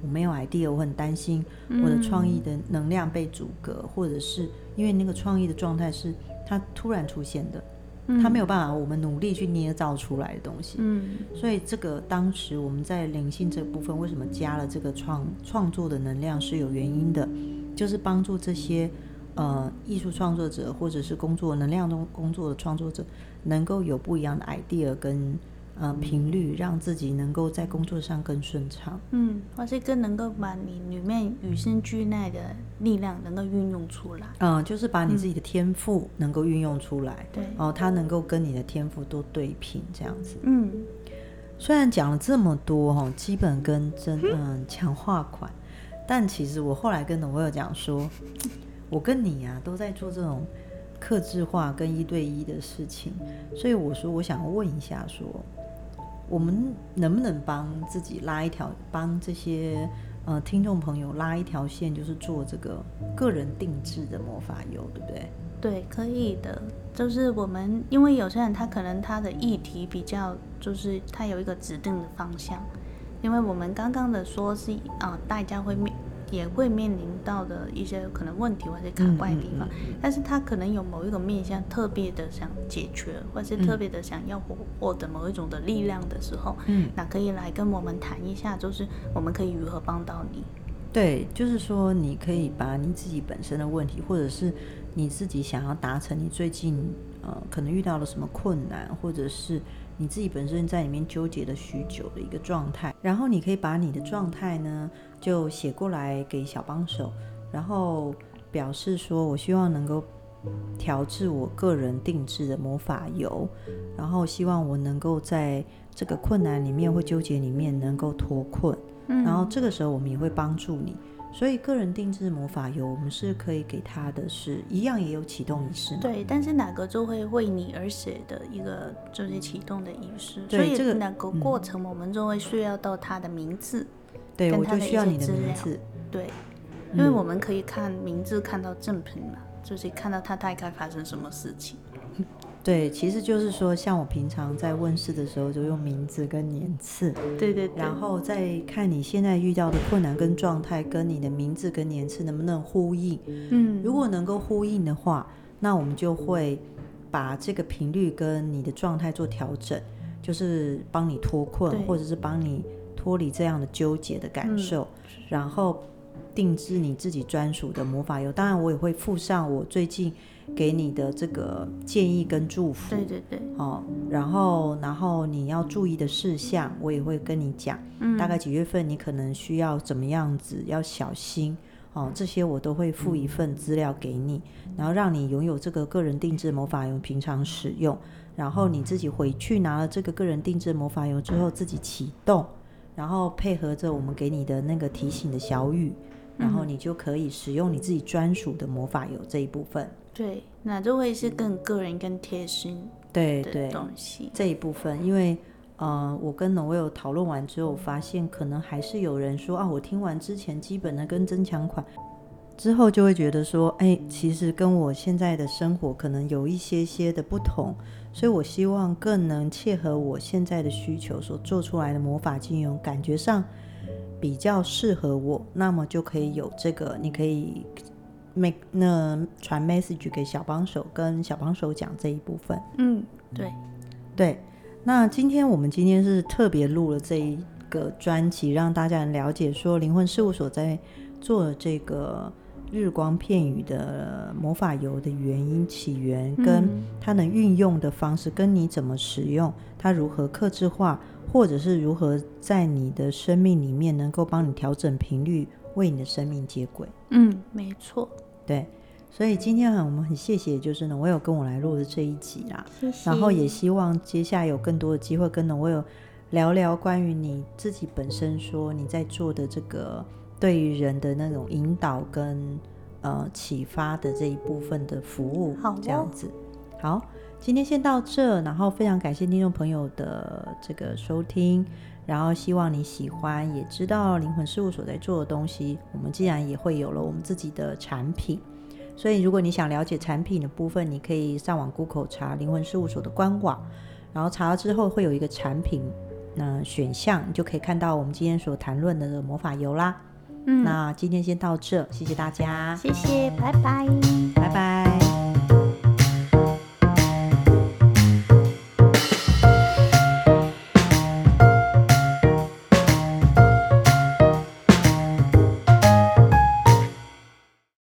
我沒有 idea，我很擔心我的創意的能量被阻隔，嗯、或者是因為那個創意的狀態是它突然出現的，嗯、它沒有辦法我們努力去捏造出來的東西。嗯、所以這個當時我們在靈性這部分為什麼加了這個創、嗯、創作的能量是有原因的，就是幫助這些呃藝術創作者或者是工作能量中工作的創作者能夠有不一樣的 idea 跟。呃，頻率讓自己能夠在工作上更順暢。嗯，或是更能夠把你裡面與生俱來的力量能夠運用出來。嗯、呃，就是把你自己的天賦能夠運用出來。對、嗯。哦、呃，他能夠跟你的天賦都對平這樣子。嗯。雖然講了這麼多哈、哦，基本跟真嗯強、呃、化款，但其實我後來跟 Noelle 有講說，我跟你啊都在做這種客製化跟一對一的事情，所以我說我想問一下說。我們能不能幫自己拉一條，幫這些呃聽眾朋友拉一條線，就是做這個個人定制的魔法油，對不對？對，可以的。就是我們因為有些人他可能他的議題比較，就是他有一個指定的方向，因為我們剛剛的說是啊、呃，大家會面。也會面臨到的一些可能問題或者卡怪的地方，嗯嗯嗯、但是他可能有某一種面向特別的想解決，嗯、或是特別的想要獲得某一種的力量的時候，嗯，嗯那可以來跟我們談一下，就是我們可以如何幫到你。對，就是說你可以把你自己本身的問題，嗯、或者是你自己想要達成你最近呃可能遇到了什麼困難，或者是你自己本身在裡面糾結了許久的一個狀態，然後你可以把你的狀態呢。嗯就寫過來給小幫手，然後表示說，我希望能夠調製我個人定製的魔法油，然後希望我能夠在這個困難裡面會糾結裡面能夠脫困，嗯，然後這個時候我們也會幫助你，所以個人定製魔法油我們是可以給他的，是一樣也有啟動儀式，對，但是哪個就會為你而寫的一個就是啟動的儀式，這個嗯、所以這個過程我們就會需要到他的名字。對，我就需要你的名字，對，嗯、因為我們可以看名字，看到正品嘛，就是看到他大概發生什麼事情。對，其實就是說，像我平常在問事的時候，就用名字跟年次，對，對對，然後再看你現在遇到的困難跟狀態，跟你的名字跟年次能不能呼應？嗯，如果能夠呼應的話，那我們就會把這個頻率跟你的狀態做調整，就是幫你脫困，對或者是幫你。脫離這樣的糾結的感受，嗯、然後定製你自己專屬的魔法油。當然，我也會附上我最近給你的這個建議跟祝福。對對對。哦，然後然後你要注意的事項，我也會跟你講。嗯。大概幾月份你可能需要怎麼樣子要小心？哦，這些我都會附一份資料給你，嗯、然後讓你擁有這個個人定製魔法油，平常使用。然後你自己回去拿了這個個人定製魔法油之後，自己啟動。然後配合着我們給你的那個提醒的小語，嗯、然後你就可以使用你自己專屬的魔法油這一部分。對，那就會是更個人、更貼心的東西對對東西這一部分。因為，呃，我跟 Noelle 討論完之後，發現可能還是有人說啊，我聽完之前基本的跟增強款之後，就會覺得說，哎，其實跟我現在的生活可能有一些些的不同。所以，我希望更能切合我現在的需求，所做出來的魔法精油感覺上比較適合我，那麼就可以有這個，你可以 make 那傳 message 給小幫手，跟小幫手講這一部分。嗯，對，對。那今天我們今天是特別錄了這一個專輯，讓大家了解說靈魂事務所在做這個。日光片語的魔法油的原因、起源，跟它能運用的方式，嗯、跟你怎麼使用，它如何客製化，或者是如何在你的生命裡面能夠幫你調整頻率，為你的生命接軌。嗯，沒錯。對，所以今天很我們很謝謝，就是 Noelle 有跟我來錄的這一集啦。謝謝。然後也希望接下來有更多的機會，跟 Noelle 聊聊關於你自己本身說你在做的這個。對於人的那種引導跟呃啟發的這一部分的服務，好這樣子，好吧？好，今天先到這，然後非常感謝聽眾朋友的這個收聽，然後希望你喜歡，也知道靈魂事務所在做的東西，我們既然也會有了我們自己的產品，所以如果你想了解產品的部分，你可以上網 Google 查靈魂事務所的官網，然後查到之後會有一個產品那、呃、選項，你就可以看到我們今天所談論的魔法油啦。嗯，那今天先到這，謝謝大家，謝謝，拜拜，拜拜。